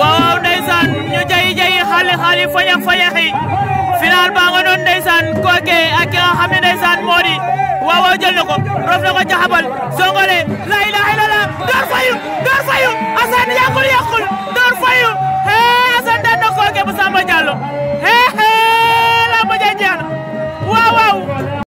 waaw ndeysaan ñu jayi jayi xale xale fañax fañaxi final ba nga noon ndeysaan kooke ak ki nga xam ne ndeysaan moo di waaw waaw jël ko rof na ko jaxabal songole la ilaha illallah door fayu door fayu Assane yàqul yàqul fayu hee Assane daan na kooke bu sàmm